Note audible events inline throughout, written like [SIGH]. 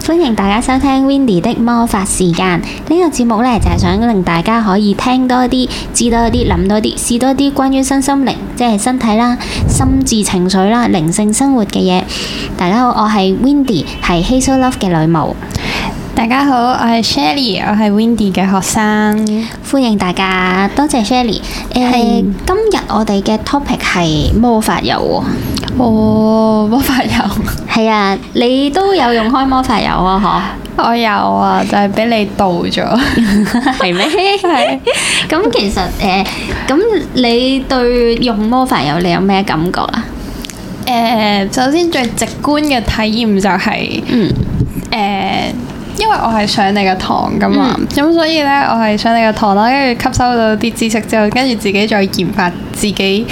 歡迎大家收聽 Wendy 的魔法時間呢，呢個節目呢，就係、是、想令大家可以聽多啲，知多啲，諗多啲，試多啲關於身心靈，即係身體啦、心智、情緒啦、靈性生活嘅嘢。大家好，我係 Wendy，係 Hazel Love 嘅女巫。大家好，我係 Shelly，我係 Windy 嘅學生。歡迎大家，多謝 Shelly。誒，今日我哋嘅 topic 係魔法油。哦，魔法油，係啊，你都有用開魔法油啊？嗬，我有啊，就係俾你倒咗，係咩？咁其實誒，咁你對用魔法油你有咩感覺啊？誒，首先最直觀嘅體驗就係，嗯，誒。因為我係上你嘅堂噶嘛、嗯，咁所以呢，我係上你嘅堂啦，跟住吸收到啲知識之後，跟住自己再研發自己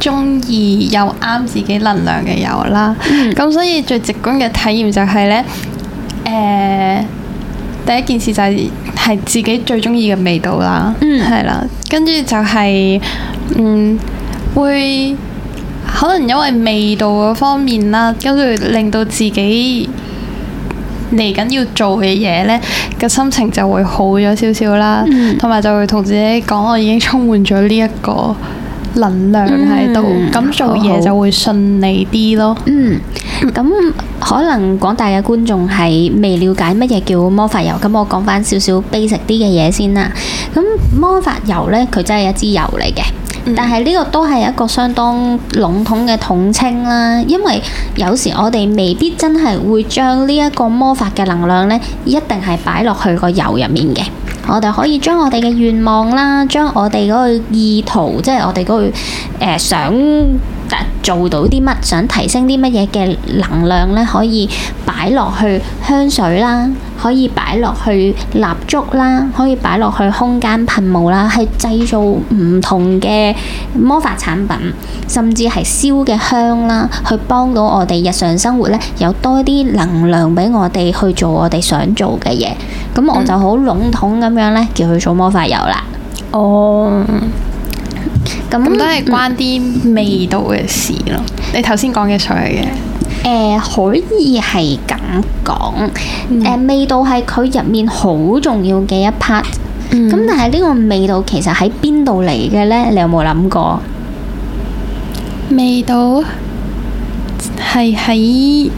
中意又啱自己能量嘅油啦。咁、嗯、所以最直觀嘅體驗就係、是、呢，誒、呃、第一件事就係、是、係自己最中意嘅味道啦，嗯，係啦，跟住就係、是、嗯會可能因為味道方面啦，跟住令到自己。嚟緊要做嘅嘢呢，個心情就會好咗少少啦，同埋、嗯、就會同自己講：我已經充滿咗呢一個能量喺度，咁、嗯、做嘢就會順利啲咯。嗯，咁、嗯、可能廣大嘅觀眾係未了解乜嘢叫魔法油，咁我講翻少少 basic 啲嘅嘢先啦。咁魔法油呢，佢真係一支油嚟嘅。.但係呢個都係一個相當籠統嘅統稱啦，因為有時我哋未必真係會將呢一個魔法嘅能量呢，一定係擺落去個油入面嘅。我哋可以將我哋嘅願望啦，將我哋嗰個意圖，即係我哋嗰個誒想。做到啲乜，想提升啲乜嘢嘅能量咧？可以擺落去香水啦，可以擺落去蠟燭啦，可以擺落去空間噴霧啦，去製造唔同嘅魔法產品，甚至係燒嘅香啦，去幫到我哋日常生活咧，有多啲能量俾我哋去做我哋想做嘅嘢。咁我就好籠統咁樣咧，叫佢做魔法油啦。哦、嗯。Oh. 咁、嗯、都係關啲味道嘅事咯。嗯、你頭先講嘅菜嘅，誒、呃、可以係咁講，誒、嗯呃、味道係佢入面好重要嘅一 part。咁、嗯、但係呢個味道其實喺邊度嚟嘅呢？你有冇諗過？味道係喺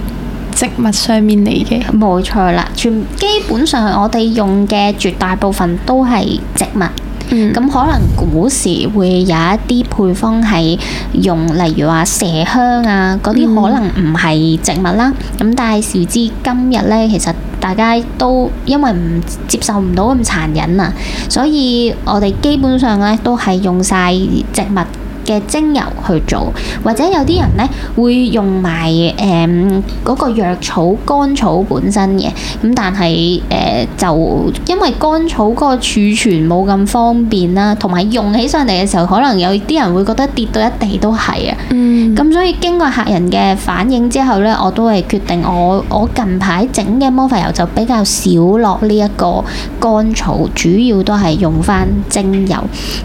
植物上面嚟嘅，冇錯啦。全基本上我哋用嘅絕大部分都係植物。咁、嗯、可能古時會有一啲配方係用，例如話麝香啊嗰啲，可能唔係植物啦。咁、嗯、但係時至今日咧，其實大家都因為唔接受唔到咁殘忍啊，所以我哋基本上咧都係用晒植物。嘅精油去做，或者有啲人咧會用埋誒嗰個藥草乾草本身嘅，咁但係誒、呃、就因為乾草個儲存冇咁方便啦，同埋用起上嚟嘅時候，可能有啲人會覺得跌到一地都係啊，咁、嗯、所以經過客人嘅反應之後咧，我都係決定我我近排整嘅魔法油就比較少落呢一個乾草，主要都係用翻精油。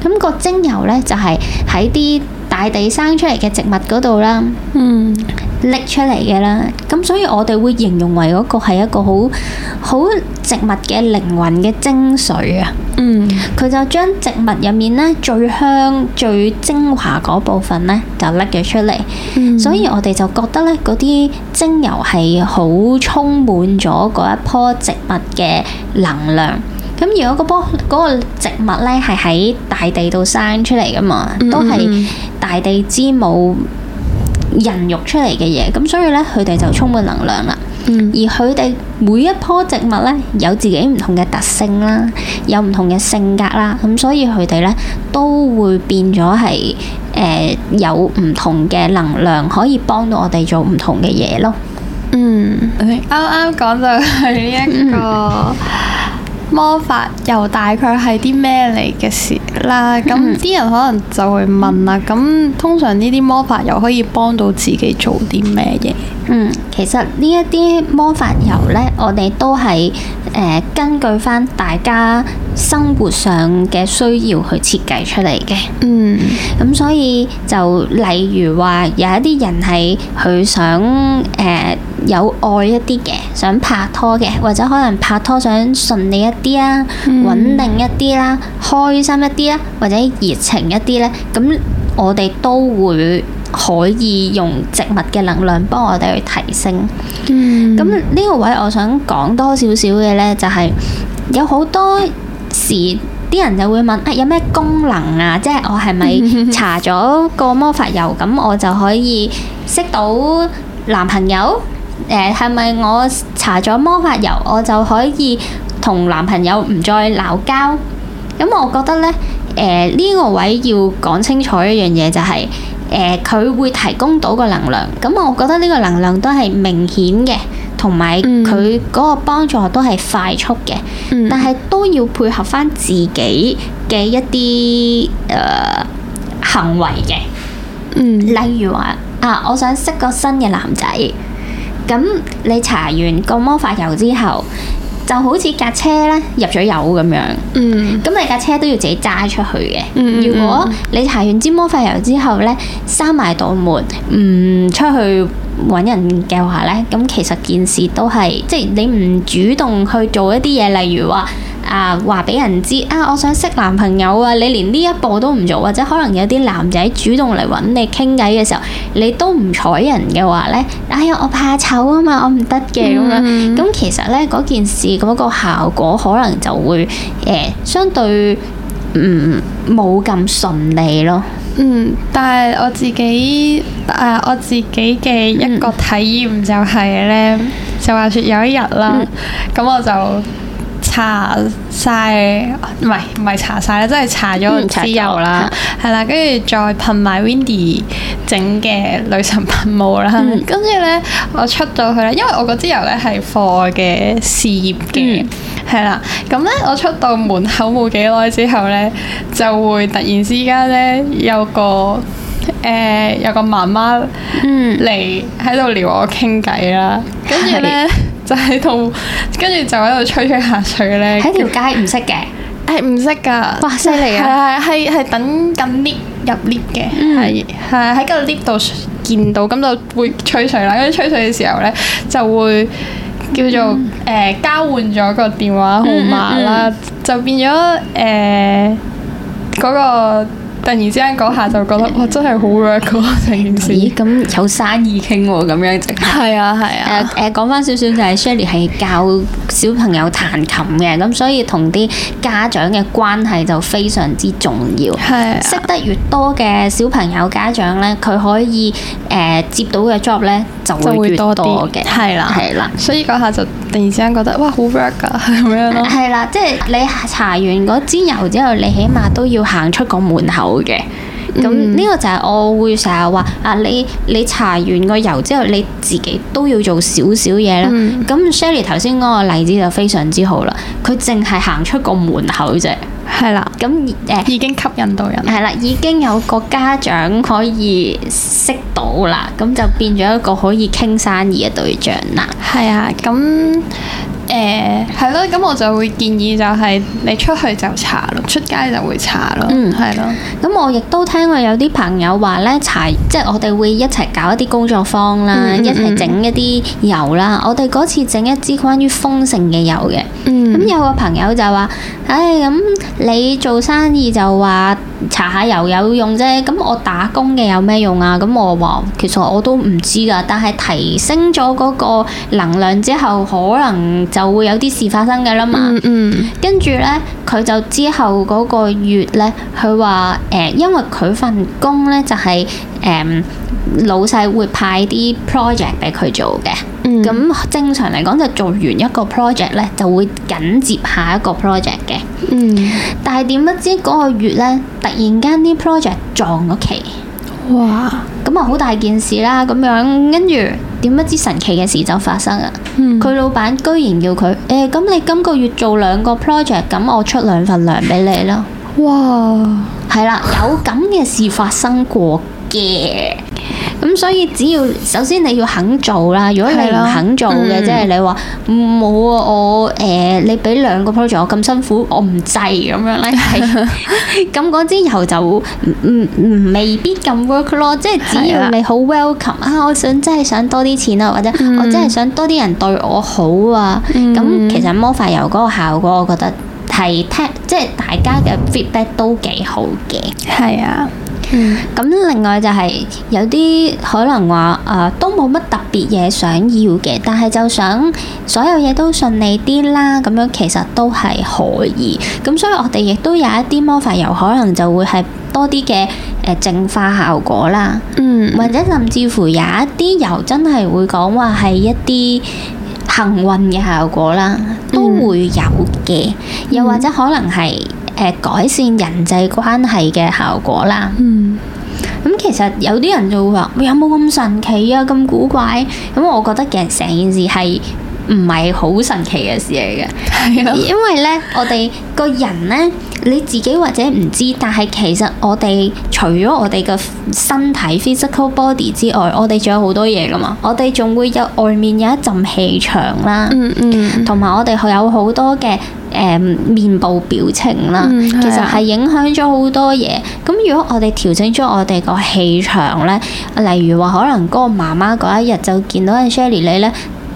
咁、嗰個精油咧就係喺啲。大地生出嚟嘅植物嗰度啦，嗯，拎出嚟嘅啦，咁所以我哋會形容為嗰個係一個好好植物嘅靈魂嘅精髓啊，嗯，佢就將植物入面咧最香最精華嗰部分咧就拎咗出嚟，嗯，所以我哋就覺得咧嗰啲精油係好充滿咗嗰一棵植物嘅能量，咁如果嗰棵嗰個植物咧係喺大地度生出嚟噶嘛，嗯，都係。大地之母孕育出嚟嘅嘢，咁所以呢佢哋就充滿能量啦。嗯。而佢哋每一棵植物呢，有自己唔同嘅特性啦，有唔同嘅性格啦，咁所以佢哋呢都會變咗係誒有唔同嘅能量，可以幫到我哋做唔同嘅嘢咯。嗯，啱啱講到係呢一個魔法油大概係啲咩嚟嘅事啦？咁啲 [LAUGHS] 人可能就會問啦。咁、嗯、通常呢啲魔法油可以幫到自己做啲咩嘢？嗯，其實呢一啲魔法油呢，我哋都係、呃、根據翻大家生活上嘅需要去設計出嚟嘅。嗯。咁所以就例如話有一啲人係佢想誒。呃有愛一啲嘅，想拍拖嘅，或者可能拍拖想順利一啲啊，嗯、穩定一啲啦，開心一啲啦，或者熱情一啲呢。咁我哋都會可以用植物嘅能量幫我哋去提升。咁呢、嗯、個位我想講多少少嘅呢，就係有好多時啲人就會問啊，有咩功能啊？即係我係咪搽咗個魔法油咁， [LAUGHS] 我就可以識到男朋友？誒，係咪我搽咗魔法油，我就可以同男朋友唔再鬧交？咁我覺得呢，誒、呃、呢個位要講清楚一樣嘢就係，誒、呃、佢會提供到個能量。咁我覺得呢個能量都係明顯嘅，同埋佢嗰個幫助都係快速嘅。嗯、但係都要配合翻自己嘅一啲誒、呃、行為嘅。嗯，例如話啊，我想識個新嘅男仔。咁你搽完個魔法油之後，就好似架車咧入咗油咁樣。嗯，咁你架車都要自己揸出去嘅。Mm hmm. 如果你搽完支魔法油之後咧，閂埋道門，唔出去揾人嘅話咧，咁其實件事都係即係你唔主動去做一啲嘢，例如話。啊，話俾人知啊！我想識男朋友啊，你連呢一步都唔做，或者可能有啲男仔主動嚟揾你傾偈嘅時候，你都唔睬人嘅話呢，哎呀，我怕醜啊嘛，我唔得嘅咁樣。咁、嗯嗯、其實呢，嗰件事嗰、嗰個效果可能就會誒、欸、相對嗯冇咁順利咯。嗯，但係我自己誒、呃、我自己嘅一個體驗就係呢，嗯、就話説有一日啦，咁、嗯嗯、我就。搽晒，唔係唔係搽曬咧，即係搽咗支油啦，係啦、嗯，跟住再噴埋 Windy 整嘅女神噴霧啦，跟住咧我出到去咧，因為我嗰支油咧係貨嘅事業嘅，係啦、嗯，咁咧我出到門口冇幾耐之後咧，就會突然之間咧有個誒、呃、有個媽媽嚟喺度撩我傾偈啦，跟住咧。是 [LAUGHS] 就喺度，跟住就喺度吹吹下水咧。喺條街唔識嘅，係唔識㗎。哇，犀利啊！係係係係等緊 lift 入 lift 嘅，係係喺個 lift 度見到，咁就會吹水啦。跟住吹水嘅時候咧，就會叫做誒、嗯呃、交換咗個電話號碼啦，嗯嗯嗯就變咗誒嗰突然之間嗰下就覺得哇真係好 rock 成件事，啊、件事咦，咁有生意傾喎，咁樣即係係啊係啊誒誒講翻少少就係、是、Shirley 係教小朋友彈琴嘅咁，所以同啲家長嘅關係就非常之重要。係、啊、識得越多嘅小朋友家長呢，佢可以誒、呃、接到嘅 job 呢就，就會越多啲嘅係啦係啦，啊啊、所以嗰下就。突然之間覺得哇好 work [LAUGHS] 㗎，係咁樣咯。係啦，即係你搽完嗰支油之後，你起碼都要行出個門口嘅。咁呢、嗯、個就係我會成日話啊，你你搽完個油之後，你自己都要做少少嘢啦。咁 Shirley 頭先嗰個例子就非常之好啦，佢淨係行出個門口啫。係啦的，咁誒、呃、已經吸引到人。係啦，已經有個家長可以識到啦，咁就變咗一個可以傾生意嘅對象啦。係啊，咁。誒，係咯，咁我就會建議就係你出去就查咯，出街就會查咯。嗯，係咯。咁我亦都聽過有啲朋友話咧，查，即係我哋會一齊搞一啲工作坊啦，嗯嗯嗯，一齊整一啲油啦。我哋嗰次整一支關於豐盛嘅油嘅，咁、嗯、有個朋友就話，唉，咁你做生意就話。搽下油有用啫，咁我打工嘅有咩用啊？咁我話其實我都唔知噶，但係提升咗嗰個能量之後，可能就會有啲事發生嘅啦嘛。嗯嗯，跟住呢，佢就之後嗰個月呢，佢話誒，因為佢份工呢、就是，就係誒，老細會派啲 project 俾佢做嘅。咁、嗯、正常嚟講就做完一個 project 咧，就會緊接下一個 project 嘅。嗯。但係點不知嗰個月咧，突然間啲 project 撞咗期。哇！咁啊，好大件事啦。咁樣跟住點不知神奇嘅事就發生啦。佢、嗯、老闆居然叫佢，誒咁、欸、你今個月做兩個 project，咁我出兩份糧俾你咯。哇！係啦， [LAUGHS] 有咁嘅事發生過嘅。咁所以只要首先你要肯做啦，如果你唔肯做嘅，的即係你話冇、嗯、啊，我誒、呃、你俾兩個 project 我咁辛苦，我唔制咁樣咧，咁嗰支油就唔唔未必咁 work 咯。即係只要你好 welcome 的啊，我想真係想多啲錢啊，或者我真係想多啲人對我好啊。咁、嗯、其實魔法油嗰個效果，我覺得係即係大家嘅 feedback 都幾好嘅。係啊。咁、嗯、另外就係、是、有啲可能話誒、呃、都冇乜特別嘢想要嘅，但係就想所有嘢都順利啲啦。咁樣其實都係可以。咁所以我哋亦都有一啲魔法油，可能就會係多啲嘅誒淨化效果啦。嗯、或者甚至乎有一啲油真係會講話係一啲幸運嘅效果啦，嗯、都會有嘅。嗯、又或者可能係。呃、改善人際關係嘅效果啦。嗯，咁其實有啲人就會話：有冇咁神奇啊？咁古怪咁、嗯，我覺得其實成件事係唔係好神奇嘅事嚟嘅。因為呢， [LAUGHS] 我哋個人呢，你自己或者唔知，但係其實我哋除咗我哋嘅身體 （physical body） 之外，我哋仲有好多嘢噶嘛。我哋仲會有外面有一陣氣場啦。嗯嗯。同、嗯、埋我哋有好多嘅。誒面部表情啦，嗯、其實係影響咗好多嘢。咁、嗯、如果我哋調整咗我哋個氣場呢，例如話可能嗰個媽媽嗰一日就見到阿 Shirley 你呢、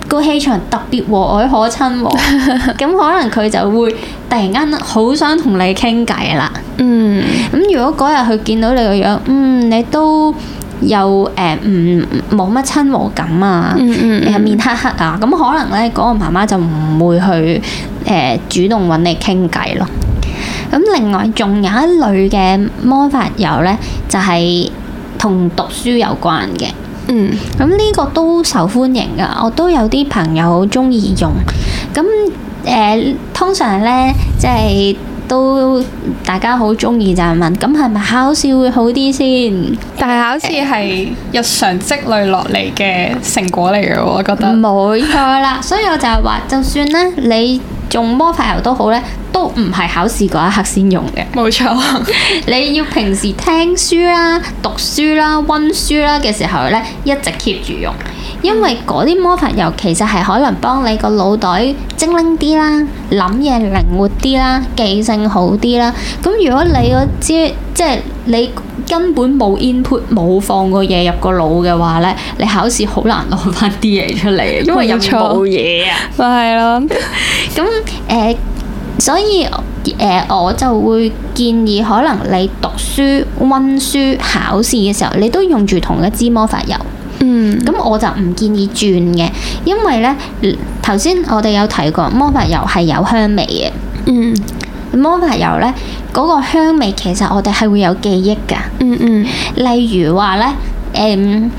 個氣場特別和藹可親喎、啊，咁 [LAUGHS] 可能佢就會突然間好想同你傾偈啦。嗯，咁如果嗰日佢見到你個樣，嗯，你都。又誒唔冇乜親和感啊，誒、嗯嗯、面黑黑啊，咁、嗯、可能咧嗰個媽媽就唔會去誒、呃、主動揾你傾偈咯。咁另外仲有一類嘅魔法油咧，就係、是、同讀書有關嘅。嗯，咁呢個都受歡迎噶，我都有啲朋友好鍾意用。咁誒、呃、通常咧即係。就是都大家好中意就係問，咁係咪考試會好啲先？但係考試係日常積累落嚟嘅成果嚟嘅，我覺得唔會係啦。所以我就係話， [LAUGHS] 就算咧你用魔法油都好咧，都唔係考試嗰一刻先用嘅。冇沒錯， [LAUGHS] 你要平時聽書啦、讀書啦、温書啦嘅時候咧，一直 keep 住用。因為嗰啲魔法油其實係可能幫你個腦袋精靈啲啦，諗嘢靈活啲啦，記性好啲啦。咁如果你嗰支即係你根本冇 input 冇放個嘢入個腦嘅話呢，你考試好難攞翻啲嘢出嚟，因為入冇嘢啊，咪係咯。咁誒，所以誒、呃、我就會建議，可能你讀書、温書、考試嘅時候，你都用住同一支魔法油。嗯，咁我就唔建議轉嘅，因為呢，頭先我哋有提過魔法油係有香味嘅。嗯，魔法油呢，嗰個香味其實我哋係會有記憶噶。嗯，嗯嗯，例如話呢，誒，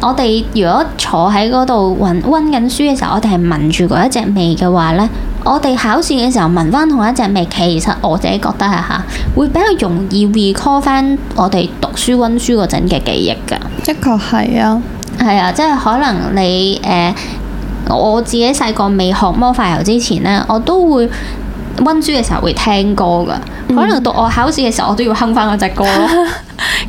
我哋如果坐喺嗰度温温緊書嘅時候，我哋係聞住嗰一隻味嘅話呢，我哋考試嘅時候聞翻同一隻味，其實我自己覺得啊吓，會比較容易 recall 翻我哋讀書温書嗰陣嘅記憶噶。的確係啊，係啊，即係可能你誒、呃、我自己細個未學魔法油之前咧，我都會。溫書嘅時候會聽歌噶，嗯、可能到我考試嘅時候，我都要哼翻嗰隻歌。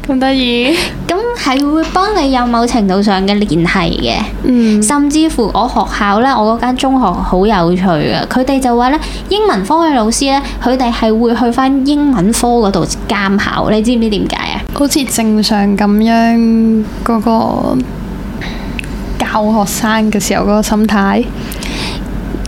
咁得意？咁係 [LAUGHS] 會幫你有某程度上嘅聯繫嘅。嗯，甚至乎我學校呢，我嗰間中學好有趣噶，佢哋就話呢，英文科嘅老師呢，佢哋係會去翻英文科嗰度監考。你知唔知點解啊？好似正常咁樣嗰、嗰個教學生嘅時候嗰個心態。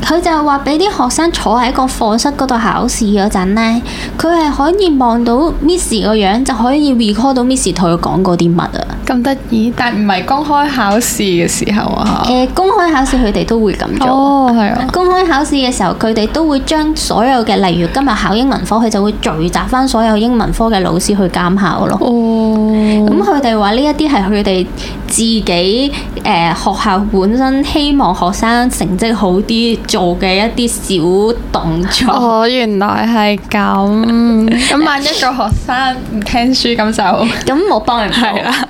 佢就話俾啲學生坐喺個課室嗰度考試嗰陣咧，佢係可以望到 Miss 個樣，就可以 record 到 Miss 同佢講過啲乜啊！咁得意，但唔係公開考試嘅時候啊。誒、呃，公開考試佢哋都會咁做。哦，係啊。公開考試嘅時候，佢哋都會將所有嘅，例如今日考英文科，佢就會聚集返所有英文科嘅老師去監考咯。哦。咁佢哋話呢一啲係佢哋自己誒、呃、學校本身希望學生成績好啲，做嘅一啲小動作哦，原來係咁。咁 [LAUGHS] 萬一個學生唔聽書咁就咁冇 [LAUGHS] 幫人做啦。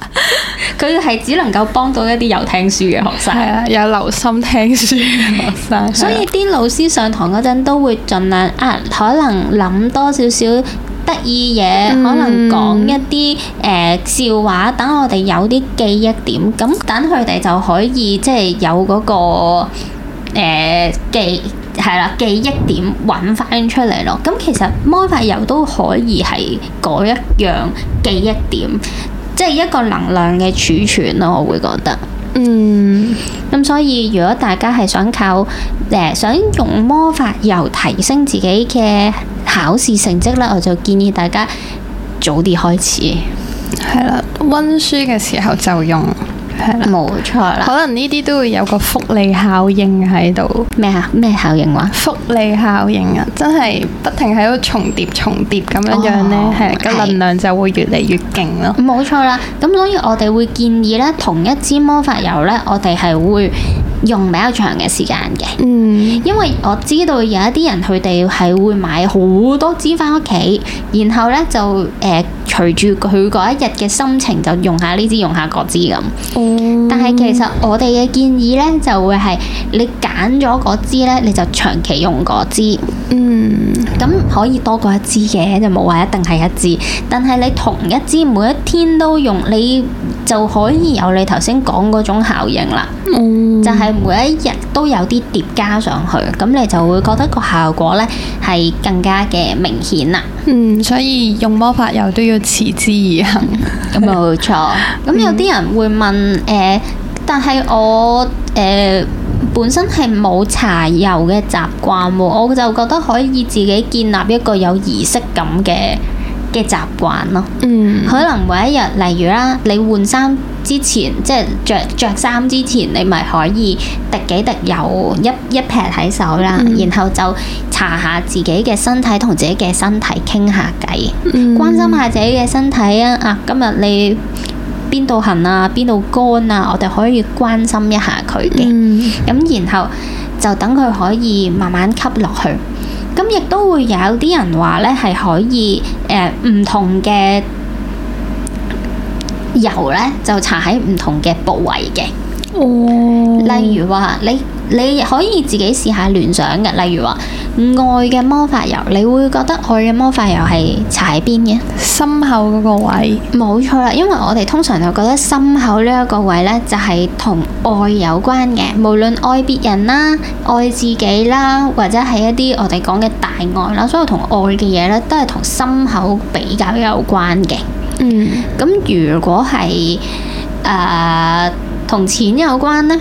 佢係對了笑只能夠幫到一啲有聽書嘅學生，有留心聽書嘅學生。所以啲老師上堂嗰陣都會盡量啊，可能諗多少少。得意嘢，嗯、可能講一啲誒、呃、笑話，等我哋有啲記憶點，咁等佢哋就可以即係有嗰、嗰個誒、呃、記，係啦記憶點揾翻出嚟咯。咁其實魔法油都可以係一樣記憶點，即係一個能量嘅儲存咯。我會覺得，嗯，咁所以如果大家係想靠，誒、呃、想用魔法油提升自己嘅考試成績咧，我就建議大家早啲開始。係啦，溫書嘅時候就用。係啦，冇錯啦。可能呢啲都會有個福利效應喺度。咩啊？咩效應話？福利效應啊！真係不停喺度重疊重疊咁樣樣咧，係、oh, 係啦。能量就會越嚟越勁咯。冇錯啦。咁所以我哋會建議咧，同一支魔法油咧，我哋係會。用比較長嘅時間嘅，嗯、因為我知道有一啲人佢哋係會買好多支返屋企，然後咧就誒、呃、隨住佢嗰一日嘅心情就用下呢支，用下嗰支咁。但係其實我哋嘅建議呢，就會係你揀咗嗰支呢，你就長期用嗰支。嗯，咁、嗯、可以多過一支嘅，就冇話一定係一支。但係你同一支每一天都用，你就可以有你頭先講嗰種效應啦。嗯、就係每一日都有啲疊加上去，咁你就會覺得個效果呢係更加嘅明顯啦。嗯，所以用魔法油都要持之以恆，咁冇錯。咁有啲人會問誒，嗯欸但係我誒、呃、本身係冇搽油嘅習慣喎，我就覺得可以自己建立一個有儀式感嘅嘅習慣咯。嗯，可能每一日，例如啦，你換衫之前，即係著著衫之前，你咪可以滴幾滴油一一劈喺手啦，嗯、然後就搽下自己嘅身體同自己嘅身體傾下偈，聊聊嗯、關心下自己嘅身體啊！啊，今日你。邊度痕啊，邊度乾啊，我哋可以關心一下佢嘅。咁、嗯、然後就等佢可以慢慢吸落去。咁亦都會有啲人話呢係可以誒呃、唔同嘅油呢就搽喺唔同嘅部位嘅。哦，例如話你你可以自己試下聯想嘅，例如話。愛嘅魔法油，你會覺得愛嘅魔法油係踩邊嘅？心口嗰個位，冇錯啦，因為我哋通常就覺得心口呢一個位呢，就係同愛有關嘅，無論愛別人啦、愛自己啦，或者係一啲我哋講嘅大愛啦，所以同愛嘅嘢，呢都係同心口比較有關嘅。嗯，咁如果係誒同錢有關呢、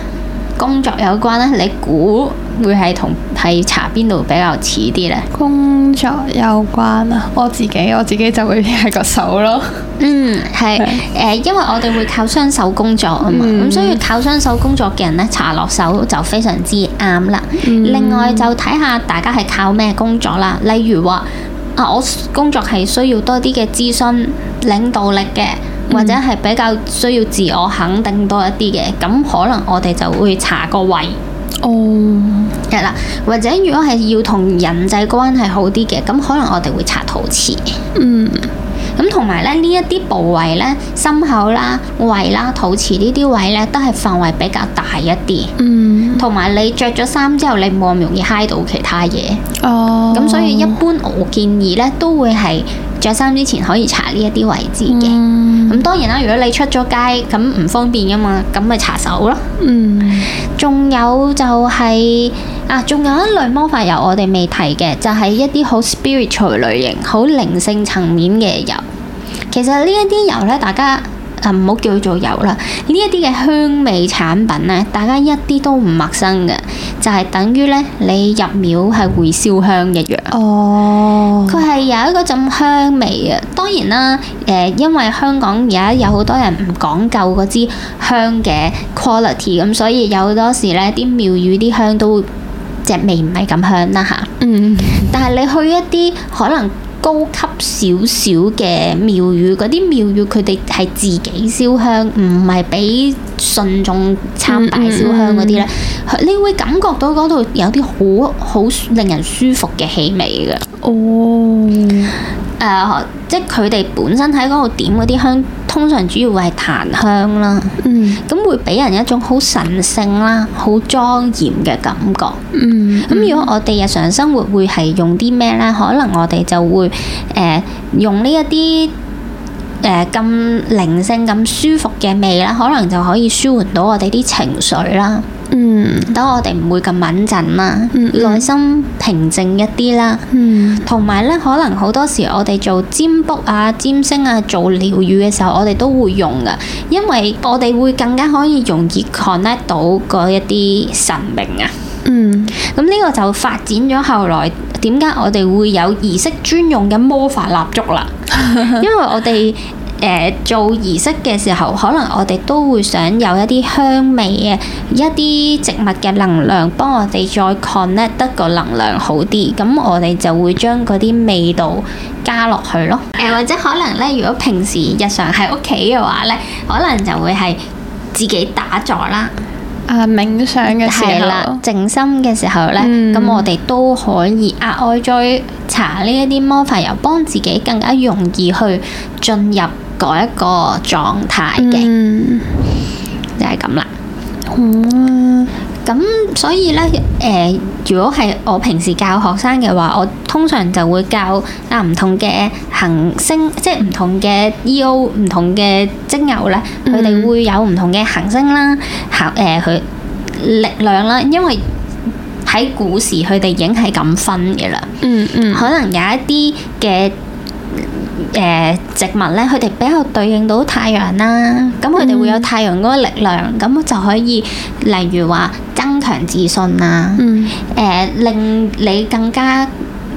工作有關呢，你估？會係同係查邊度比較似啲呢？工作有關啊？我自己我自己就會係個手咯。嗯，係、 [LAUGHS] 呃、因為我哋會靠雙手工作啊嘛，咁、嗯、所以靠雙手工作嘅人咧，查落手就非常之啱啦。嗯、另外就睇下大家係靠咩工作啦。例如話啊，我工作係需要多啲嘅諮詢領導力嘅，或者係比較需要自我肯定多一啲嘅，咁、嗯、可能我哋就會查個位。哦，係啦、oh.，或者如果係要同人際關係好啲嘅，咁可能我哋會搽肚臍。嗯、mm.，咁同埋咧呢一啲部位咧，心口啦、胃啦、肚臍呢啲位咧，都係範圍比較大一啲。嗯，同埋你着咗衫之後，你冇咁容易揩到其他嘢。哦，咁所以一般我建議咧，都會係着衫之前可以搽呢一啲位置嘅。咁、mm. 當然啦，如果你出咗街，咁唔方便噶嘛，咁咪搽手咯。嗯。Mm. 仲有就係啊，仲有一類魔法油我哋未提嘅，就係一啲好 spiritual 類型、好靈性層面嘅油。其實呢一啲油咧，大家。唔好、嗯、叫佢做油啦！呢一啲嘅香味產品呢，大家一啲都唔陌生嘅，就係、是、等於呢：你入廟係會燒香一樣。哦，佢係有一個陣香味啊。當然啦，誒、呃，因為香港而家有好多人唔講究嗰支香嘅 quality，咁所以有好多時呢啲廟宇啲香都隻味唔係咁香啦嚇。啊、嗯，嗯，但係你去一啲可能高級少少嘅廟宇，嗰啲廟宇佢哋係自己燒香，唔係俾信眾參拜燒香嗰啲咧。嗯嗯嗯。你會感覺到嗰度有啲好好令人舒服嘅氣味嘅。哦，誒，uh, 即係佢哋本身喺嗰度點嗰啲香。通常主要會係檀香啦，咁、嗯、會俾人一種好神聖啦、好莊嚴嘅感覺。咁、嗯嗯、如果我哋日常生活會係用啲咩咧？可能我哋就會誒、呃、用呢一啲誒咁靈性、咁舒服嘅味啦，可能就可以舒緩到我哋啲情緒啦。嗯，等我哋唔會咁敏陣啦，嗯嗯、內心平靜一啲啦，嗯，同埋咧可能好多時我哋做占卜啊、占星啊、做療癒嘅時候，我哋都會用噶，因為我哋會更加可以容易 connect 到嗰一啲神明啊。嗯，咁呢個就發展咗後來，點解我哋會有儀式專用嘅魔法蠟燭啦？ [LAUGHS] 因為我哋。誒做儀式嘅時候，可能我哋都會想有一啲香味啊，一啲植物嘅能量幫我哋再 connect 得個能量好啲，咁我哋就會將嗰啲味道加落去咯。誒、呃、或者可能咧，如果平時日常喺屋企嘅話咧，可能就會係自己打坐啦，啊冥想嘅時候啦，靜心嘅時候咧，咁、嗯、我哋都可以額外再搽呢一啲魔法油，幫自己更加容易去進入。改一個狀態嘅，mm. 就係咁啦。咁、mm. 所以呢，誒、呃，如果係我平時教學生嘅話，我通常就會教啊唔同嘅行星，即係唔同嘅 E.O. 唔同嘅精油呢佢哋會有唔同嘅行星啦，行佢、mm. 呃、力量啦，因為喺古時佢哋已經係咁分嘅啦。嗯嗯，可能有一啲嘅。誒植物咧，佢哋比較對應到太陽啦、啊，咁佢哋會有太陽嗰個力量，咁、嗯、就可以例如話增強自信啊，誒、嗯呃、令你更加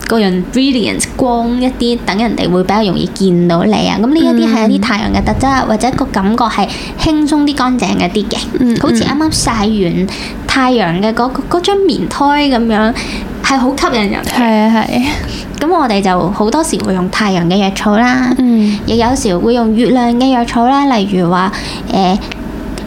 個人 brilliance 光一啲，等人哋會比較容易見到你啊。咁呢一啲係一啲太陽嘅特質，嗯、或者個感覺係輕鬆啲、乾淨一啲嘅，嗯嗯、好似啱啱晒完太陽嘅嗰、那個、張棉胎咁樣。係好吸引人，係啊係。咁我哋就好多時會用太陽嘅藥草啦，亦、嗯、有時會用月亮嘅藥草啦，例如話誒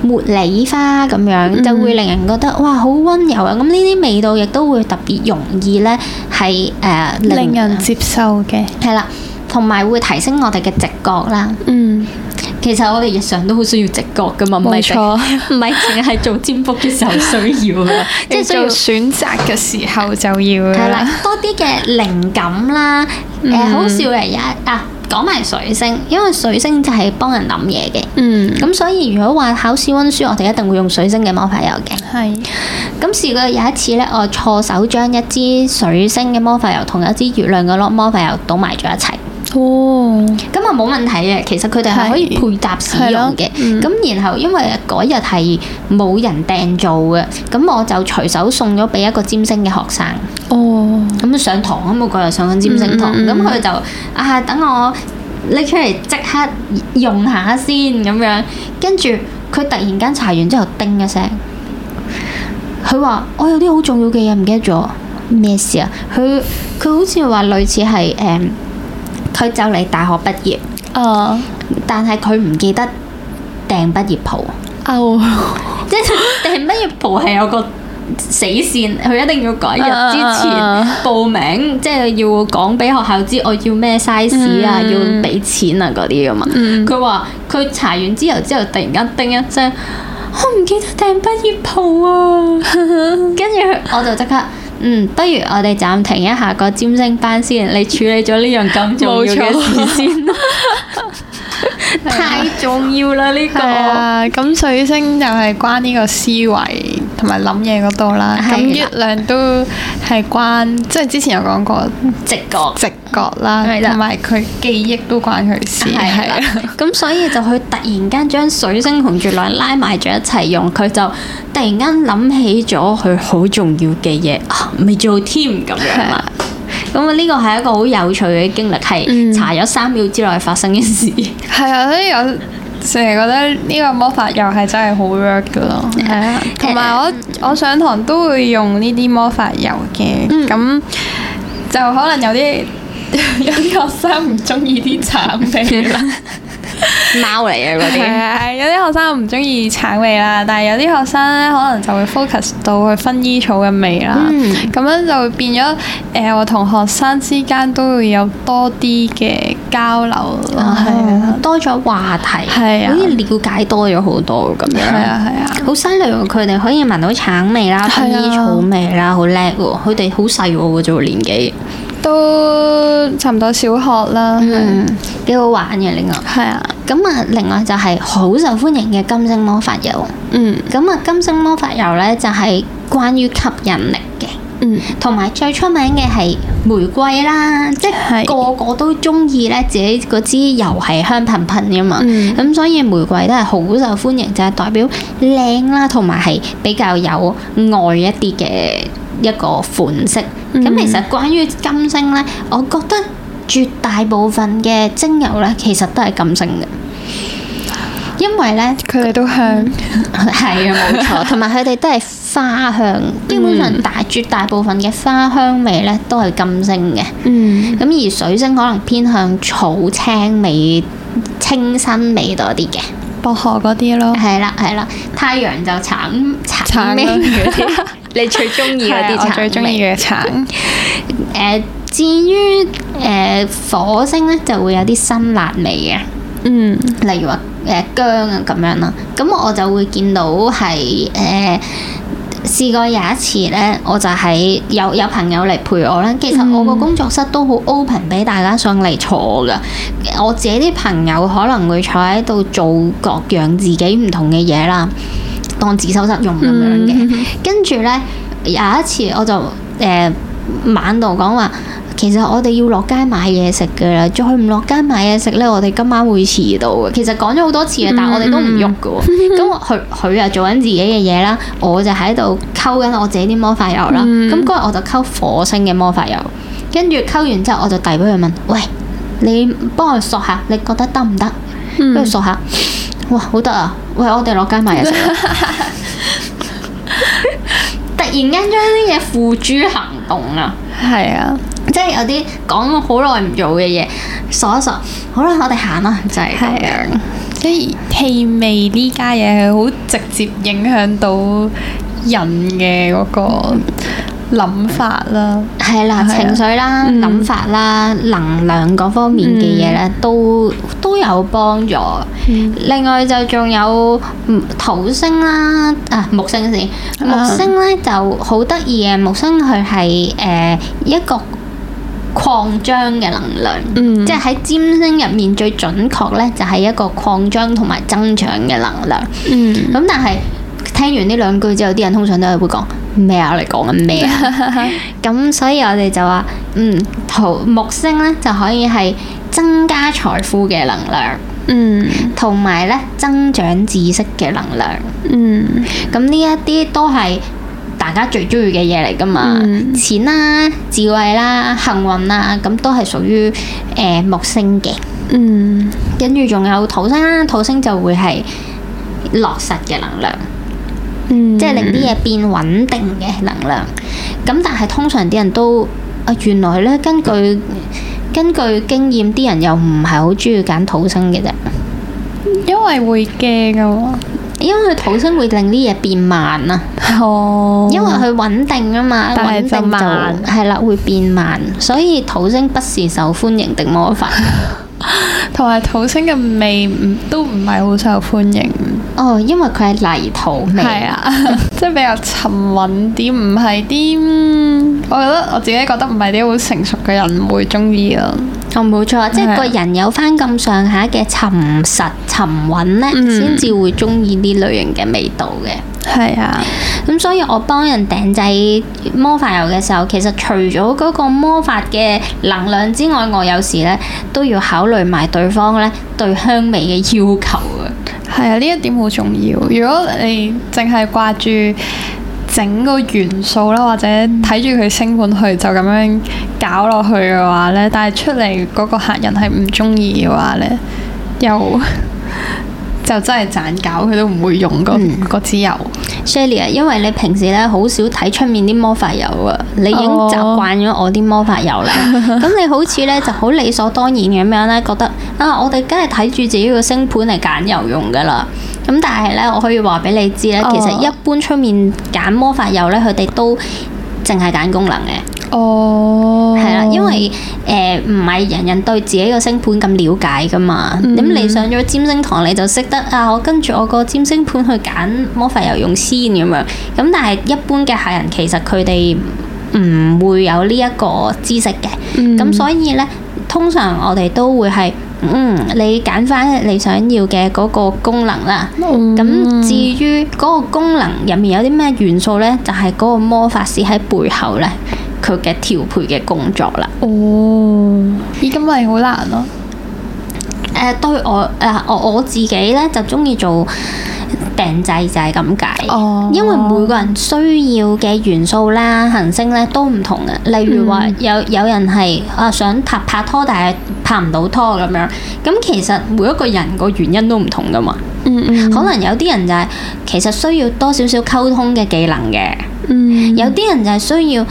茉莉花咁樣，嗯、就會令人覺得哇好溫柔啊！咁呢啲味道亦都會特別容易咧，係誒、呃、令，令人接受嘅。係啦，同埋會提升我哋嘅直覺啦。嗯。其實我哋日常都好需要直覺噶嘛，冇錯，唔係淨係做占卜嘅時候需要噶，啊，即係做選擇嘅時候就要。係啦，多啲嘅靈感啦，誒、嗯呃，好笑嘅有啊，講埋水星，因為水星就係幫人諗嘢嘅。嗯，咁所以如果話考試溫書，我哋一定會用水星嘅魔法油嘅。係是。咁試過有一次咧，我錯手將一支水星嘅魔法油同一支月亮嘅咯魔法油倒埋咗一齊。哦，咁啊冇問題嘅，其實佢哋係可以配搭使用嘅。咁、嗯、然後因為嗰日係冇人訂做嘅，咁我就隨手送咗俾一個占星嘅學生。哦，咁上堂、嗯嗯、啊嘛，嗰日上緊占星堂，咁佢就啊等我拎出嚟即刻用下先咁樣，跟住佢突然間搽完之後，叮一聲，佢話我有啲好重要嘅嘢唔記得咗咩事啊？佢，佢好似話類似係誒。嗯佢就嚟大學畢業，oh. 但係佢唔記得訂畢業袍。即係、oh. 訂畢業袍係有個死線，佢、oh. 一定要改日之前報名，即係、oh. 要講俾學校知我要咩 size 啊，mm. 要俾錢啊嗰啲啊嘛。佢話佢查完資料之後，突然間叮一聲， [LAUGHS] 我唔記得訂畢業袍啊！跟住 [LAUGHS] 我就即刻。嗯，不如我哋暫停一下個占星班先， [LAUGHS] 你處理咗呢樣咁重要嘅事先，冇錯，太重要啦呢個。係啊，咁水星就係關呢個思維。同埋諗嘢嗰度啦，咁、啊、月亮都係關，即係之前有講過直覺，直覺啦，同埋佢記憶都關佢事，係咁 [LAUGHS] 所以就佢突然間將水星同月亮拉埋咗一齊用，佢就突然間諗起咗佢好重要嘅嘢，啊，未做添咁樣。咁啊的，呢個係一個好有趣嘅經歷，係查咗三秒之內發生嘅事。係啊，嗯，都有。成日覺得呢個魔法油係真係好 work 嘅咯，係啊 Yeah.，同埋我我上堂都會用呢啲魔法油嘅，咁、mm. 就可能有啲 [LAUGHS] 有啲學生唔中意啲橙味啦。貓嚟嘅嗰啲，有啲學生唔中意橙味啦，但係有啲學生咧可能會、mm. 就會 focus 到去薰衣草嘅味啦，咁樣就變咗誒，我同學生之間都會有多啲嘅交流咯，係啊，對多咗話題，係啊的，可以了解多咗好多咁樣，係啊係啊，好犀利喎！佢哋可以聞到橙味啦，薰衣草味啦，好叻喎！佢哋好細喎，嗰種年紀都差唔多小學啦，嗯，幾好玩嘅。另外，係啊。咁啊，另外就係好受歡迎嘅金星魔法油，嗯，咁啊金星魔法油呢就係關於吸引力嘅，嗯，同埋最出名嘅係玫瑰啦，即係個個都中意呢，自己嗰支油係香噴噴嘅嘛，咁所以玫瑰都係好受歡迎，就係代表靚啦，同埋係比較有愛一啲嘅一個款式。咁其實關於金星呢，我覺得。絕大部分嘅精油咧，其實都係金星嘅，因為咧佢哋都香， [LAUGHS] 係啊冇錯，同埋佢哋都係花香，嗯、基本上大絕大部分嘅花香味咧都係金星嘅，嗯，咁而水星可能偏向草青味、清新味多啲嘅，薄荷嗰啲咯，係啦係啦，太陽就橙橙味，橙 [LAUGHS] 你最鍾意嗰啲橙，最鍾意嘅橙、 [LAUGHS] 呃，誒。至於誒、呃、火星咧，就會有啲辛辣味嘅。嗯，例如話誒薑啊咁樣啦。咁我就會見到係誒、呃、試過有一次咧，我就喺有有朋友嚟陪我啦。其實我個工作室都好 open 俾大家上嚟坐㗎。嗯、我自己啲朋友可能會坐喺度做各樣自己唔同嘅嘢啦，當自修室用咁樣嘅。跟住咧有一次我就誒晚度講話。呃其實我哋要落街買嘢食㗎喇，再唔落街買嘢食呢，我哋今晚會遲到嘅。其實講咗好多次啊，但係我哋都唔喐㗎。咁佢佢啊做緊自己嘅嘢啦，我就喺度溝緊我自己啲魔法油啦。咁嗰日我就溝火星嘅魔法油，跟住溝完之後我就遞俾佢問，喂，你幫我索下，你覺得得唔得？跟住、嗯、索下，哇，好得啊！喂，我哋落街買嘢食。嗯、 [LAUGHS] [LAUGHS] 突然間將啲嘢付諸行動啊！係啊。即係有啲講好耐唔做嘅嘢，傻一傻，好啦，我哋行啦，就係咁樣。啲氣味呢家嘢係好直接影響到人嘅嗰個諗法啦。係啦，情緒啦，諗法啦，能量嗰方面嘅嘢咧，都都有幫助。嗯、另外就仲有土星啦，啊木星先，木星咧就好得意嘅，木星佢係誒一個。擴張嘅能量，嗯、即係喺占星入面最準確咧，就係一個擴張同埋增長嘅能量。咁、嗯、但係聽完呢兩句之後，啲人通常都係會講咩啊？你講緊咩啊？咁 [LAUGHS] 所以我哋就話，嗯，好木星咧就可以係增加財富嘅能量，嗯，同埋咧增長知識嘅能量，嗯，咁呢一啲都係。大家最中意嘅嘢嚟噶嘛？嗯、錢啦、智慧啦、幸運啦，咁都係屬於木星嘅。嗯，跟住仲有土星啦，土星就會係落實嘅能量，嗯、即係令啲嘢變穩定嘅能量。咁、嗯、但係通常啲人都啊，原來呢根據根據經驗，啲人又唔係好中意揀土星嘅啫，因為會驚啊。因為土星會令啲嘢變慢啊，oh. 因為佢穩定啊嘛，穩定就係啦，會變慢，所以土星不是受歡迎的魔法。 [LAUGHS] 同埋土星嘅味唔都唔係好受歡迎哦，因為佢係泥土味啊， [LAUGHS] 即係比較沉穩啲，唔係啲，我覺得我自己覺得唔係啲好成熟嘅人會中意、哦、啊。哦，冇錯，即係個人有翻咁上下嘅沉實沉穩咧，先至會中意呢類型嘅味道嘅。嗯係啊，咁所以我幫人訂製魔法油嘅時候，其實除咗嗰個魔法嘅能量之外，我有時呢都要考慮埋對方呢對香味嘅要求啊。係啊，呢一點好重要。如果你淨係掛住整個元素啦，或者睇住佢星盤，去就咁樣搞落去嘅話呢，但係出嚟，嗰個客人係唔中意嘅話呢，又。 [LAUGHS] 就真係賺搞佢都唔會用嗰支油，Shirley，因為你平時咧好少睇出面啲魔法油啊，你已經習慣咗我啲魔法油啦，咁、哦、你好似咧就好理所當然咁樣咧覺得啊，我哋梗係睇住自己個星盤嚟揀油用噶啦，咁但係咧我可以話俾你知咧，其實一般出面揀魔法油咧，佢哋都淨係揀功能嘅。哦，係啦、oh,，因為誒唔係人人對自己個星盤咁了解噶嘛。咁你上咗占星堂，你就識得啊。我跟住我個占星盤去揀魔法油用先咁樣。咁但係一般嘅客人其實佢哋唔會有呢一個知識嘅。咁、嗯、所以呢，通常我哋都會係嗯，你揀翻你想要嘅嗰個功能啦。咁、嗯啊、至於嗰個功能入面有啲咩元素呢？就係、是、嗰個魔法師喺背後呢。佢嘅調配嘅工作啦。哦，依家咪好難咯、啊。誒，uh, 對我誒，我我，我自己咧就中意做訂製就係咁解。哦，因為每個人需要嘅元素啦、行星咧都唔同嘅。例如話有有人係啊想拍拍拖，但係拍唔到拖咁樣。咁其實每一個人個原因都唔同噶嘛、嗯。嗯嗯。可能有啲人就係、是、其實需要多少少溝通嘅技能嘅。嗯。有啲人就係需要。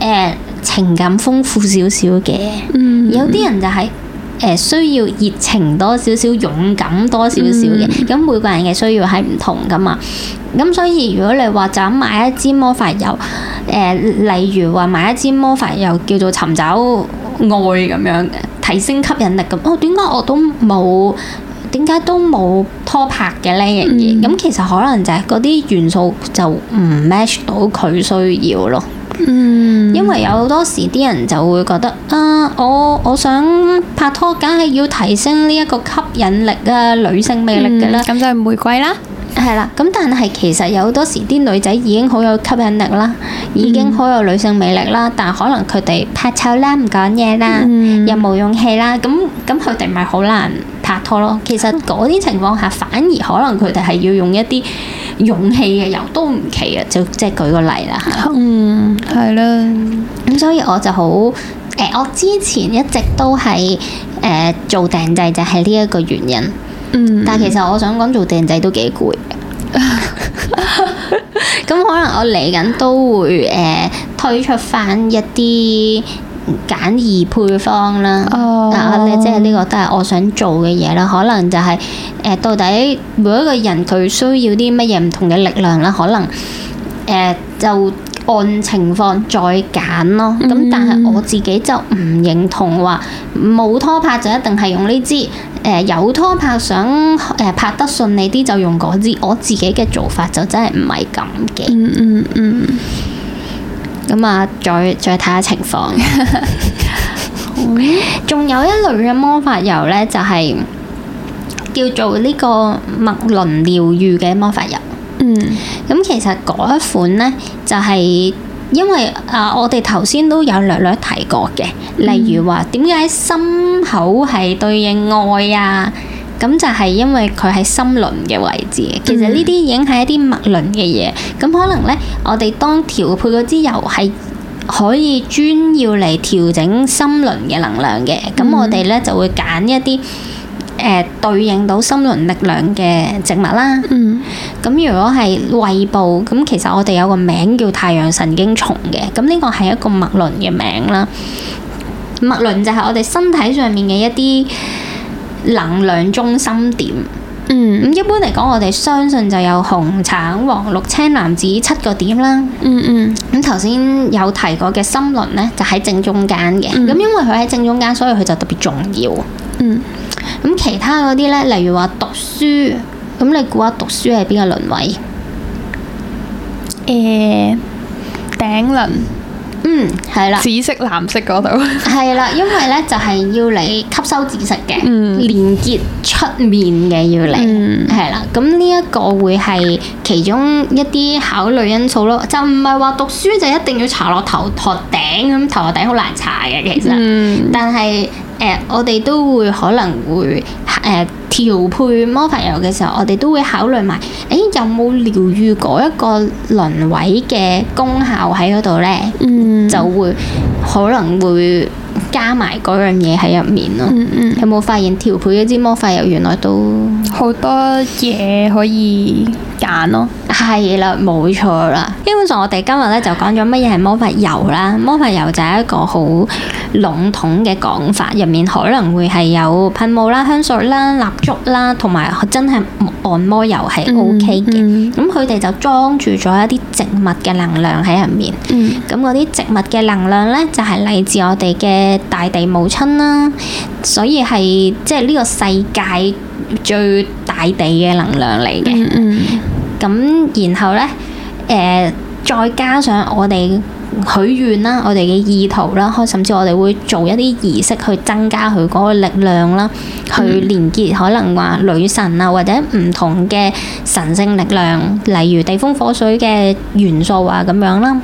呃、情感豐富少少嘅，嗯、有啲人就係、是、誒、呃、需要熱情多少少、勇敢多少少嘅。咁、嗯、每個人嘅需要係唔同㗎嘛。咁所以如果你話就咁買一支魔法油，誒、呃、例如話買一支魔法油叫做尋找愛咁樣嘅，提升吸引力咁。哦，點解我都冇？點解都冇拖拍嘅呢樣嘢？咁、嗯嗯、其實可能就係嗰啲元素就唔 match 到佢需要咯。嗯，因為有好多時啲人就會覺得啊、呃，我我想拍拖，梗係要提升呢一個吸引力啊，女性魅力嘅啦。咁、嗯、就玫瑰啦，係啦。咁但係其實有好多時啲女仔已經好有吸引力啦，已經好有女性魅力啦，嗯、但可能佢哋怕醜啦，唔講嘢啦，嗯、又冇勇氣啦，咁咁佢哋咪好難拍拖咯。其實嗰啲情況下，反而可能佢哋係要用一啲勇氣嘅油都唔奇啊！就即係舉個例啦嚇。嗯，係啦。咁所以我就好誒、呃，我之前一直都係誒、呃、做訂製，就係呢一個原因。嗯。但係其實我想講做訂製都幾攰。咁 [LAUGHS] [LAUGHS] 可能我嚟緊都會誒、呃、推出翻一啲。簡易配方啦，oh. 啊咧，即係呢個都係我想做嘅嘢啦。可能就係、是、誒、呃，到底每一個人佢需要啲乜嘢唔同嘅力量啦？可能誒、呃，就按情況再揀咯。咁、mm hmm. 但係我自己就唔認同話冇拖拍就一定係用呢支，誒、呃、有拖拍想誒拍得順利啲就用嗰支。我自己嘅做法就真係唔係咁嘅。嗯嗯嗯。Hmm. Mm hmm. 咁啊，再再睇下情況。仲 Okay. 有一類嘅魔法油呢，就係、是、叫做呢個麥倫療愈嘅魔法油。嗯，咁其實嗰一款呢，就係、是、因為啊，我哋頭先都有略略提過嘅，嗯、例如話點解心口係對應愛啊。咁就係因為佢喺心輪嘅位置，其實呢啲已經係一啲脈輪嘅嘢。咁、嗯、可能呢，我哋當調配嗰支油係可以專要嚟調整心輪嘅能量嘅。咁、嗯、我哋呢，就會揀一啲誒、呃、對應到心輪力量嘅植物啦。嗯。咁如果係胃部，咁其實我哋有個名叫太陽神經叢嘅。咁呢個係一個脈輪嘅名啦。脈輪就係我哋身體上面嘅一啲能量中心點，嗯，咁一般嚟講，我哋相信就有紅、橙、黃、綠、青、藍、紫七個點啦。嗯嗯，咁頭先有提過嘅心輪咧，就喺正中間嘅，咁、嗯、因為佢喺正中間，所以佢就特別重要。嗯，咁其他嗰啲咧，例如話讀書，咁你估下讀書係邊個輪位？誒、欸，頂輪。嗯，係啦，紫色藍色嗰度，係啦，因為咧就係要你吸收知識嘅，嗯、連結出面嘅要嚟，係啦、嗯，咁呢一個會係其中一啲考慮因素咯，就唔係話讀書就一定要搽落頭殼頂咁，頭殼頂好難搽嘅其實，嗯、但係誒、呃、我哋都會可能會誒。呃調配魔法油嘅時候，我哋都會考慮埋，誒、欸、有冇療愈嗰一個輪位嘅功效喺嗰度呢？嗯、就會可能會。加埋嗰樣嘢喺入面咯。嗯嗯。有冇發現調配一支魔法油原來都好多嘢可以揀咯。係啦，冇錯啦。基本上我哋今日咧就講咗乜嘢係魔法油啦。魔法油就係一個好籠統嘅講法，入面可能會係有噴霧啦、香水啦、蠟燭啦，同埋真係按摩油係 OK 嘅。咁佢哋就裝住咗一啲植物嘅能量喺入面。咁嗰啲植物嘅能量咧，就係嚟自我哋嘅。大地母親啦，所以係即係呢個世界最大地嘅能量嚟嘅。嗯咁 [LAUGHS] 然後呢，誒、呃，再加上我哋許願啦，我哋嘅意圖啦，甚至我哋會做一啲儀式去增加佢嗰個力量啦，去連結可能話女神啊，或者唔同嘅神聖力量，例如地風火水嘅元素啊，咁樣啦。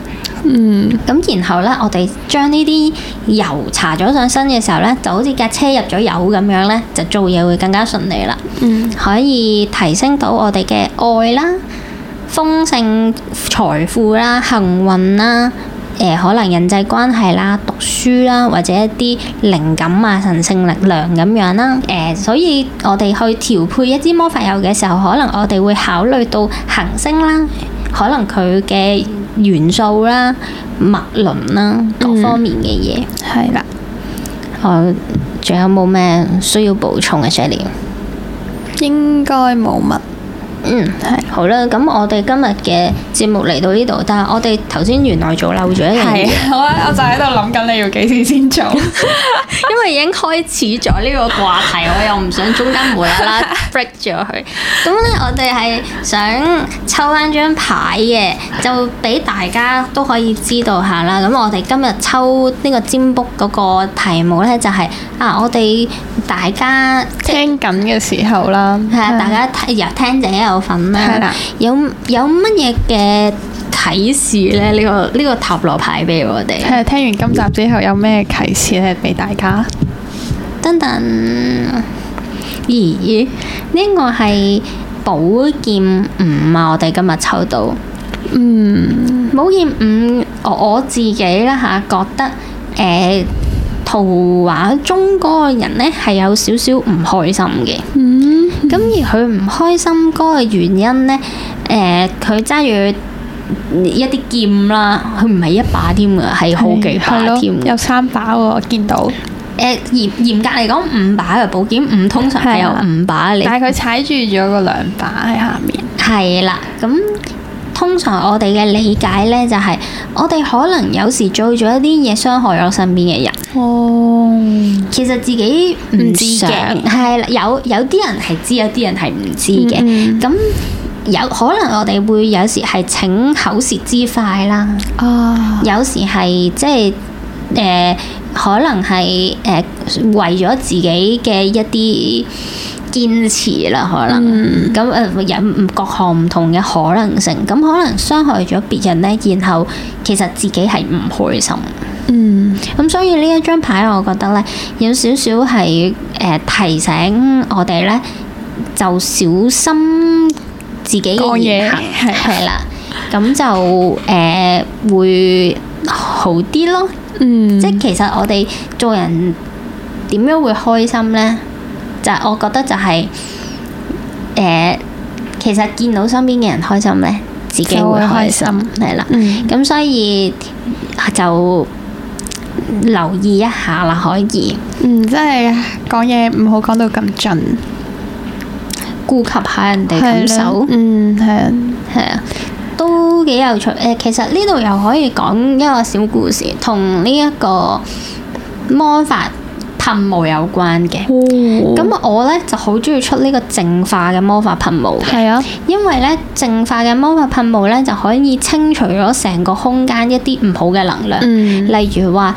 嗯，咁然後咧，我哋將呢啲油搽咗上身嘅時候呢，就好似架車入咗油咁樣呢，就做嘢會更加順利啦。嗯，可以提升到我哋嘅愛啦、豐盛財富啦、幸運啦、呃，可能人際關係啦、讀書啦或者一啲靈感啊、神聖力量咁樣啦、呃。所以我哋去調配一支魔法油嘅時候，可能我哋會考慮到行星啦，可能佢嘅。元素啦、脈輪啦，各方面嘅嘢係啦。仲、嗯、有冇咩需要補充嘅材料，應該冇乜。嗯係好啦，咁我哋今日嘅節目嚟到呢度，但係我哋頭先原來做漏咗一樣嘢，好啊，我就喺度諗緊你要幾時先做， [LAUGHS] 因為已經開始咗呢個話題， [LAUGHS] 我又唔想中間冇啦啦 break 咗佢。咁咧，我哋係想抽翻張牌嘅，就俾大家都可以知道下啦。咁我哋今日抽呢個占卜嗰個題目咧，就係、是、啊，我哋大家、就是、聽緊嘅時候啦，係啊，大家聽入聽者有份啦，有有乜嘢嘅啟示咧？呢個呢個塔羅牌俾我哋。係聽完今集之後有咩啟示咧？俾大家。等等咦？呢個係寶劍五啊！我哋今日抽到。嗯，寶劍五，我我自己咧吓、啊、覺得，誒、呃，圖畫中嗰個人咧係有少少唔開心嘅。嗯。咁、嗯、而佢唔開心嗰個原因咧，誒、呃，佢揸住一啲劍啦，佢唔係一把添㗎，係好幾把添，有三把喎，哦，見到。誒嚴、呃、嚴格嚟講，五把嘅寶劍，五通常係有五把嚟，但係佢踩住咗個兩把喺下面。係啦，咁。通常我哋嘅理解呢，就係、是、我哋可能有時做咗一啲嘢，傷害我身邊嘅人。哦，其實自己唔知嘅，係啦，有有啲人係知，有啲人係唔知嘅。咁有，嗯嗯有可能我哋會有時係逞口舌之快啦。哦，有時係即係誒、呃，可能係誒、呃、為咗自己嘅一啲。堅持啦，可能咁誒，有唔、嗯、各項唔同嘅可能性，咁可能傷害咗別人呢，然後其實自己係唔開心。嗯，咁所以呢一張牌，我覺得呢，有少少係誒提醒我哋呢，就小心自己嘅言行係啦，咁說話 [LAUGHS] 就誒、呃、會好啲咯。嗯、即係其實我哋做人點樣會開心呢？但係我覺得就係、是，誒、呃，其實見到身邊嘅人開心咧，自己會開心，係啦。咁了、嗯、所以就留意一下啦，可以。嗯，即係講嘢唔好講到咁盡，顧及下人哋感受。了嗯，係啊了，係啊，都幾有趣。誒、呃，其實呢度又可以講一個小故事，同呢一個魔法。噴霧有關嘅，咁噗我呢就好中意出呢個淨化嘅魔法噴霧嘅，係啊，因為呢淨化嘅魔法噴霧呢就可以清除咗成個空間一啲唔好嘅能量，嗯、例如話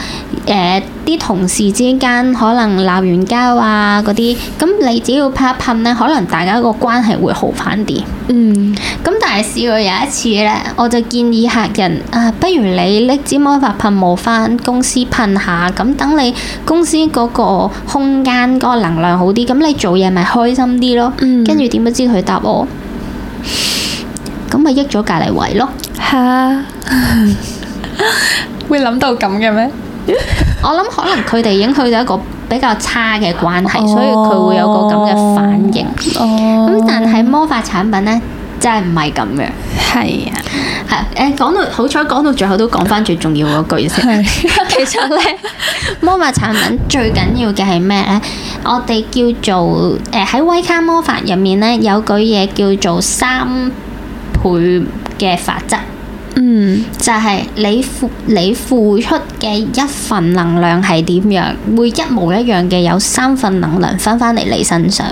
啲同事之間可能鬧完交啊嗰啲，咁你只要噴一噴咧，可能大家個關係會好翻啲。嗯，咁但係試過有一次咧，我就建議客人啊，不如你拎支魔法噴霧返公司噴下，咁等你公司嗰個空間嗰個能量好啲，咁你做嘢咪開心啲咯。嗯，跟住點不知佢答我，咁咪益咗隔籬位咯。吓，會諗到咁嘅咩？我諗可能佢哋已經去到一個比較差嘅關係，哦、所以佢會有個咁嘅反應。咁、哦、但係魔法產品呢，真係唔係咁樣。係啊，係誒， [LAUGHS] 講到好彩，講到最後都講翻最重要嗰句先。是 [LAUGHS] 其實咧， [LAUGHS] 魔法產品最緊要嘅係咩咧？ [LAUGHS] 我哋叫做誒喺威卡魔法入面呢，有句嘢叫做三倍嘅法則。嗯，就係你付你付出嘅一份能量係點樣，會一模一樣嘅有三份能量翻返嚟你身上。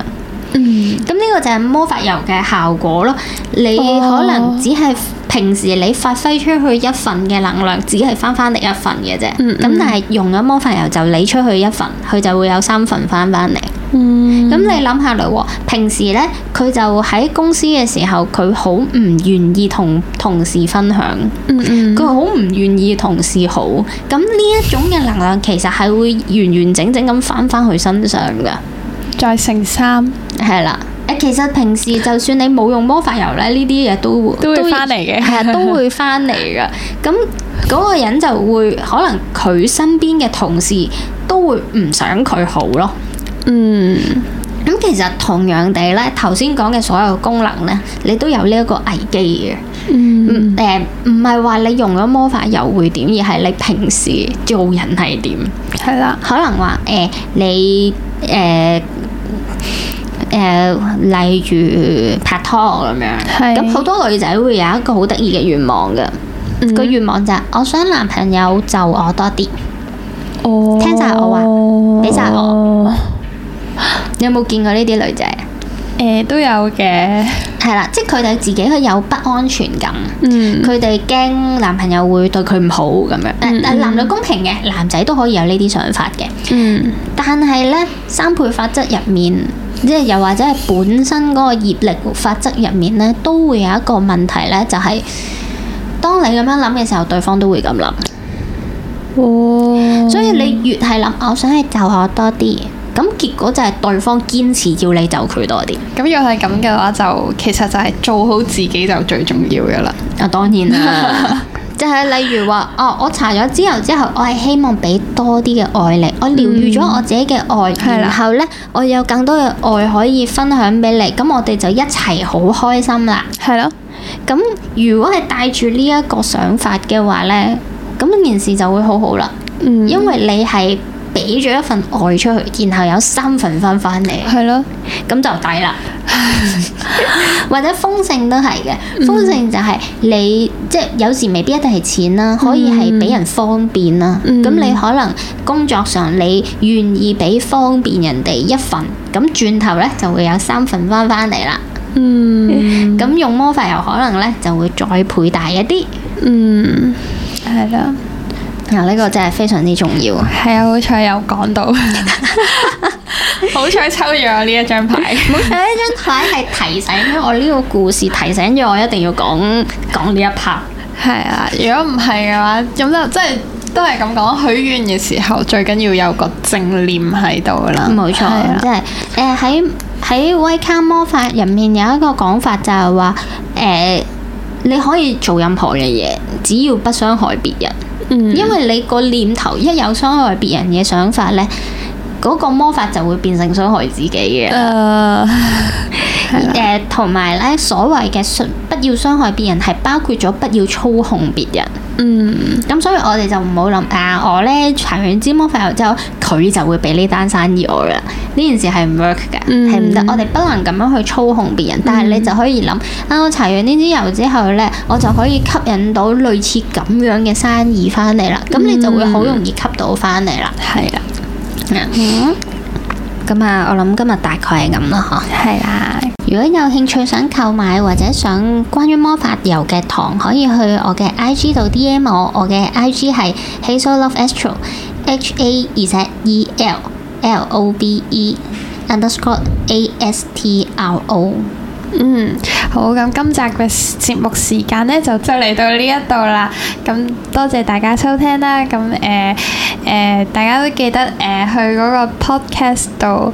嗯，咁呢個就係魔法油嘅效果咯。你可能只係平時你發揮出去一份嘅能量，只係翻返嚟一份嘅啫。咁、嗯嗯、但係用咗魔法油就你出去一份，佢就會有三份翻返嚟。嗯。咁你諗下嚟，平時呢，佢就喺公司嘅時候，佢好唔願意同同事分享。嗯嗯，佢好唔願意同事好。咁呢一種嘅能量，其實係會完完整整咁翻翻佢身上嘅。再乘三，係啦。誒，其實平時就算你冇用魔法油呢，呢啲嘢都會都會翻嚟嘅，係啊，都會翻嚟嘅。咁嗰 [LAUGHS] 個人就會可能佢身邊嘅同事都會唔想佢好咯。嗯。咁其實同樣地咧，頭先講嘅所有功能咧，你都有呢一個危機嘅。嗯。誒，唔係話你用咗魔法又會點，而係你平時做人係點。係啦。可能話誒，你誒誒，例如拍拖咁樣。係。咁好多女仔會有一個好得意嘅願望嘅。嗯。個願望就係，我想男朋友就我多啲。哦。聽晒我話。哦。俾晒我。有冇見過呢啲女仔？誒、欸，都有嘅。係啦，即係佢哋自己佢有不安全感。佢哋驚男朋友會對佢唔好咁樣。誒、嗯嗯，但男女公平嘅，男仔都可以有呢啲想法嘅。嗯、但係呢，三倍法則入面，即係又或者係本身嗰個業力法則入面呢，都會有一個問題呢，就係、是、當你咁樣諗嘅時候，對方都會咁諗。哦、所以你越係諗，我想去就學多啲。咁結果就係對方堅持要你走佢多啲。咁又係咁嘅話，就其實就係做好自己就最重要嘅啦。啊，當然啦， [LAUGHS] 就係例如話，哦，我查咗之後之後，我係希望俾多啲嘅愛力，我療愈咗我自己嘅愛，嗯、然後呢，我有更多嘅愛可以分享俾你，咁我哋就一齊好開心啦。係咯。咁如果係帶住呢一個想法嘅話呢，咁件事就會好好啦。嗯、因為你係。俾咗一份外出去，然後有三份翻返嚟，係咯了，咁就抵啦。 [LAUGHS] 或者豐盛都係嘅，豐盛、嗯、就係你即係、就是、有時未必一定係錢啦，嗯、可以係俾人方便啦。咁、嗯、你可能工作上你願意俾方便人哋一份，咁轉頭呢就會有三份翻返嚟啦。嗯，咁用魔法油可能呢就會再倍大一啲。嗯，係咯、嗯。嗱，呢個真係非常之重要。係啊，好彩有講到，好彩抽咗我呢 [LAUGHS] 一張牌。有一張牌係提醒咗我呢個故事，提醒咗我一定要講講呢一 part，a 係啊，如果唔係嘅話，咁就真係都係咁講。許願嘅時候，最緊要有個正念喺度啦。冇錯，嗯、的即係誒喺喺威卡魔法入面有一個講法就係話，誒、呃、你可以做任何嘅嘢，只要不傷害別人。因為你個念頭一有傷害別人嘅想法呢，嗰、嗰個魔法就會變成傷害自己嘅。同埋、uh, [LAUGHS] 呢所謂嘅，不要傷害別人係包括咗不要操控別人。嗯，咁所以我哋就唔好諗啊！我咧搽完芝麻油之後，佢就會俾呢單生意我啦。呢件事係唔 work 嘅，係唔得。我哋不能咁樣去操控別人，嗯、但係你就可以諗啊！我搽完呢支油之後咧，我就可以吸引到類似咁樣嘅生意翻嚟啦。咁、嗯、你就會好容易吸到翻嚟啦。係啊，嗯，咁啊的，嗯、我諗今日大概係咁咯，嗬。係啦。如果有興趣想購買或者想關於魔法油嘅糖，可以去我嘅 I G 度 D M 我，我嘅 I G 係 h a, stro, Hazel Love Astro，H A Z E L L O V E underscore A S T R O。嗯，好，咁，今集嘅節目時間呢就就嚟到呢一度啦。咁多謝大家收聽啦。咁誒誒，大家都記得誒、呃、去嗰個 Podcast 度。